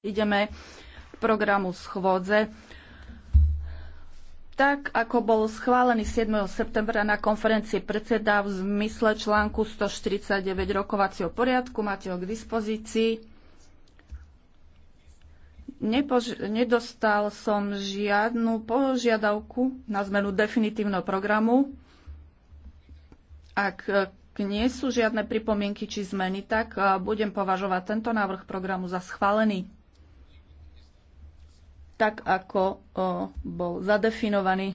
Ideme k programu schôdze. Tak, ako bol schválený 7. septembra na konferencii predseda v zmysle článku 149 rokovacieho poriadku, máte ho k dispozícii. Nepož- nedostal som žiadnu požiadavku na zmenu definitívneho programu. Ak e, nie sú žiadne pripomienky či zmeny, tak e, budem považovať tento návrh programu za schválený tak ako bol zadefinovaný.